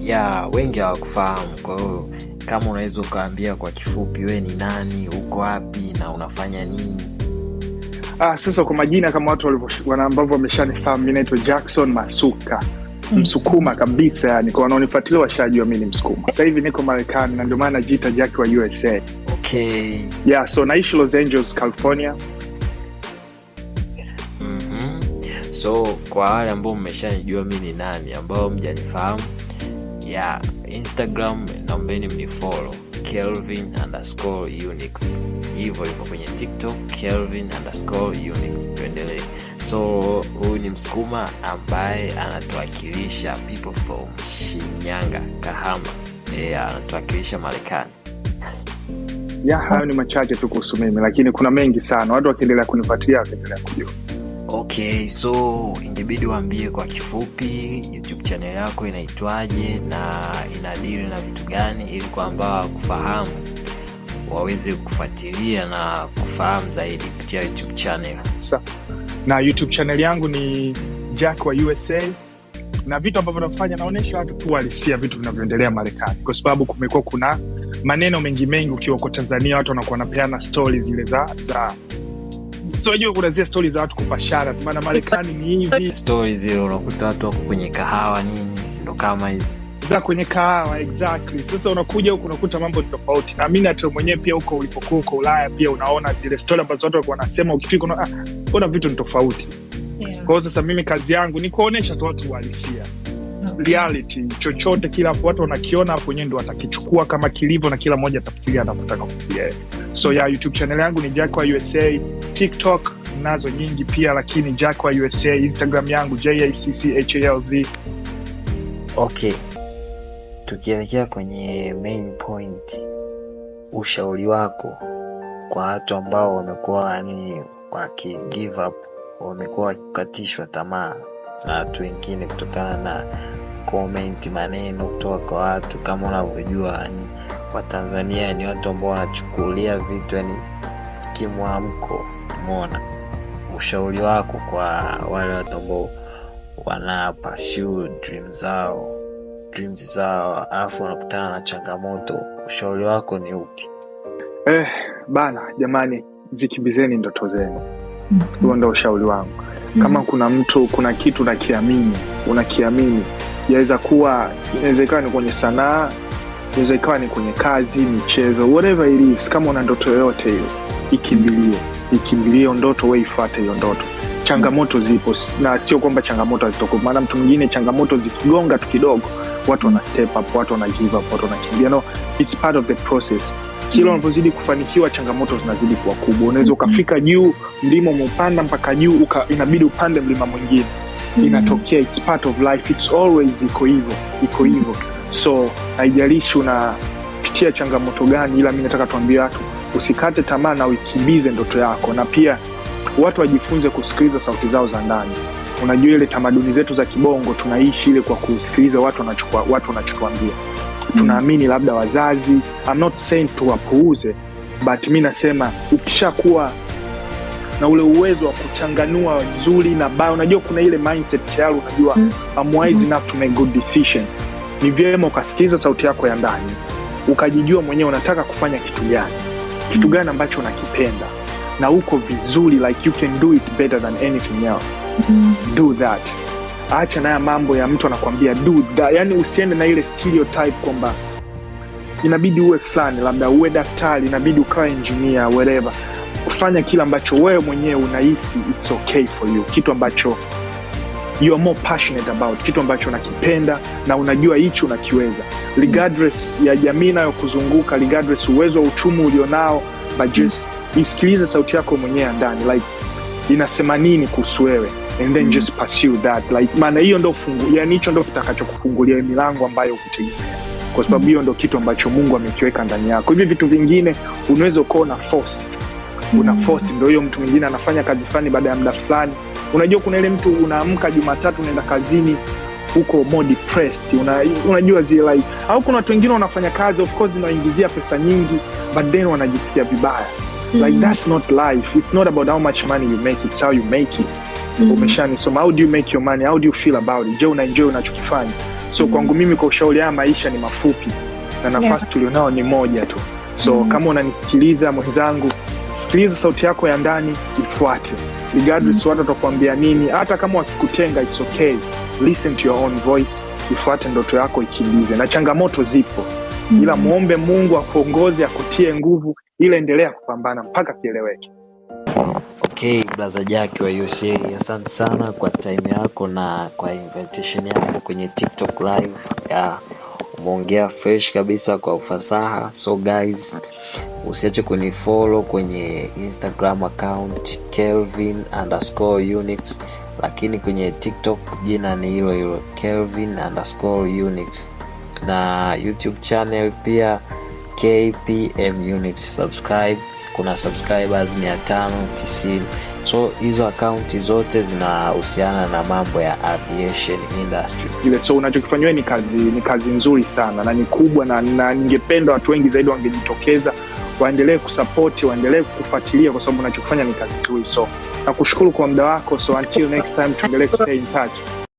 ya wengi hawakufahamu. Kwa hiyo kama unaweza ukaambia kwa kifupi, wewe ni nani, uko wapi na unafanya nini? Ah, sasa kwa majina kama watu ambavyo wameshanifahamu, mi naitwa Jackson Masuka, hmm. Msukuma kabisa, yani kwa wanaonifuatilia washajua mi ni Msukuma. Sasa hivi niko Marekani na ndio maana najiita Jack wa USA. Okay. Yeah, so naishi Los Angeles, California. Mm-hmm. So kwa wale ambao mmeshanijua mi ni nani, ambao mjanifahamu ya Instagram naombeni mnifolo Kelvin underscore Unix, hivyo hivyo kwenye TikTok Kelvin underscore Unix. Tuendelee. So huyu ni msukuma ambaye anatuwakilisha people from Shinyanga, Kahama, yeah, anatuwakilisha Marekani. ya hayo ni machache tu kuhusu mimi, lakini kuna mengi sana. Watu wakiendelea kunifuatilia wakiendelea kujua. Okay, so ingebidi waambie kwa kifupi YouTube chanel yako inaitwaje na inadiri na vitu gani, ili kwamba wakufahamu waweze kufuatilia na kufahamu zaidi kupitia YouTube chanel Sa, na YouTube chanel yangu ni Jack wa USA na vitu ambavyo nafanya naonyesha watu tu walisia vitu vinavyoendelea Marekani, kwa sababu kumekuwa kuna maneno mengi mengi. Ukiwa uko Tanzania watu wanakuwa wanapeana stori zile za za Unajua kuna zile stori za watu kupashana, maana Marekani ni hivi, stori zile unakuta watu wako kwenye kahawa nini, sindo kama hizo za kwenye kahawa exactly. Sasa unakuja huku unakuta mambo tofauti, naamini hata mwenyewe pia huko ulipokuwa huko Ulaya pia unaona zile stori ambazo watu walikuwa wanasema, ukifika una, ah, una vitu ni tofauti yeah. kwao sasa mimi kazi yangu ni kuonyesha tu watu uhalisia Reality chochote kila watu wanakiona hapo wenyewe ndo watakichukua kama kilivyo, na kila mmoja atafikiria anavyotaka kufikiria. So ya YouTube channel yangu ni Jackwa USA, TikTok nazo nyingi pia, lakini jakwa USA. Instagram yangu JACCHALZ. Okay, tukielekea kwenye main point, ushauri wako kwa watu ambao wamekuwa yani wakigive up, wamekuwa wakikatishwa tamaa na watu wengine kutokana na comment, maneno kutoka kwa watu, kama unavyojua Watanzania ni watu ambao wanachukulia vitu yani kimwamko. Umeona, ushauri wako kwa wale watu ambao wana pursue dream zao dreams zao alafu wanakutana na changamoto, ushauri wako ni upi? Eh, bana jamani, zikimbizeni ndoto zenu. mm huo -hmm. Ndo ushauri wangu. mm -hmm. Kama kuna mtu kuna kitu unakiamini unakiamini, yaweza kuwa inawezekana ni kwenye sanaa inaweza ikawa ni kwenye kazi, michezo, whatever it is. Kama una ndoto yoyote hiyo, ikimbilie, ikimbilie hiyo ndoto, we ifuate hiyo ndoto. Changamoto zipo, na sio kwamba changamoto hazitoko, maana mtu mwingine changamoto zikigonga tu kidogo, watu wana step up, watu wana give up, watu wanakimbia. No, it's part of the process kila unavyozidi mm. kufanikiwa changamoto zinazidi kuwa kubwa. Unaweza ukafika juu, mlima umeupanda mpaka juu, inabidi upande mlima mwingine. Mm. Inatokea, it's part of life, it's always iko hivyo, iko hivyo. So haijalishi unapitia changamoto gani, ila mi nataka tuambie watu usikate tamaa na uikimbize ndoto yako, na pia watu wajifunze kusikiliza sauti zao za ndani. Unajua ile tamaduni zetu za kibongo tunaishi ile kwa kusikiliza watu wanachotuambia. Hmm. Tunaamini labda wazazi, I'm not saying tuwapuuze, but mi nasema ukishakuwa na ule uwezo wa kuchanganua zuri na baya, unajua kuna ile mindset tayari, unajua mm wise hmm. enough to make good decision ni vyema ukasikiliza sauti yako ya ndani, ukajijua mwenyewe unataka kufanya kitu gani, kitu gani ambacho unakipenda na uko vizuri, like you can do it better than anything else. Mm -hmm. Do that. Acha naya mambo ya mtu anakwambia yani usiende na ile stereotype kwamba inabidi uwe fulani, labda uwe daktari, inabidi ukawa engineer, wereva kufanya kile ambacho wewe mwenyewe unahisi it's okay for you, kitu ambacho you are more passionate about kitu ambacho unakipenda na unajua hichi unakiweza, regardless ya jamii inayokuzunguka, regardless uwezo wa uchumi ulionao, but just isikilize sauti yako mwenyewe ndani, like inasema nini kuhusu wewe and then mm. just pursue that like, maana hiyo ndo fungu, yani hicho ndo kitakachokufungulia milango ambayo kutegemea kwa sababu hiyo ndo kitu ambacho Mungu amekiweka ndani yako. Hivi vitu vingine unaweza ukawa una force, una mm. force, ndo hiyo mtu mwingine anafanya kazi fulani baada ya muda fulani Unajua kuna ile mtu unaamka Jumatatu unaenda kazini uko more depressed, una, unajua zile like, au kuna watu wengine wanafanya kazi of course inawaingizia pesa nyingi but then wanajisikia vibaya mm. like that's not life, it's not about how much money you make, it's how you make it mm. Umeshanisoma, how do you make your money, how do you feel about it? Je, unaenjoy unachokifanya? So mm. kwangu mimi kwa ushauri, haya maisha ni mafupi na nafasi yeah. tulionao ni moja tu so mm. kama unanisikiliza mwenzangu sikiliza sauti yako ya ndani, ifuate watu mm. watakuambia nini. Hata kama wakikutenga, it's okay, listen to your own voice, ifuate ndoto yako, ikimbize. Na changamoto zipo, mm. ila mwombe Mungu akuongozi akutie nguvu, ili endelea kupambana mpaka kieleweke. Okay, brother Jack wa USA, asante sana kwa time yako na kwa invitation yako kwenye TikTok live. Umeongea fresh kabisa kwa ufasaha, so guys Usiache kunifolo kwenye Instagram account Kelvin underscore unix, lakini kwenye TikTok jina ni hilo hilo Kelvin underscore unix, na YouTube channel pia KPM unix. Subscribe, kuna subscribers tisini so hizo akaunti zote zinahusiana na mambo ya aviation industry. So unachokifanyiwa ni kazi, ni kazi nzuri sana na ni kubwa, na ningependa watu wengi zaidi wangejitokeza waendelee kusapoti, waendelee kufuatilia, kwa sababu unachofanya ni kazi nzuri. So nakushukuru kwa muda wako. So until next time, tuendelee kustay in touch.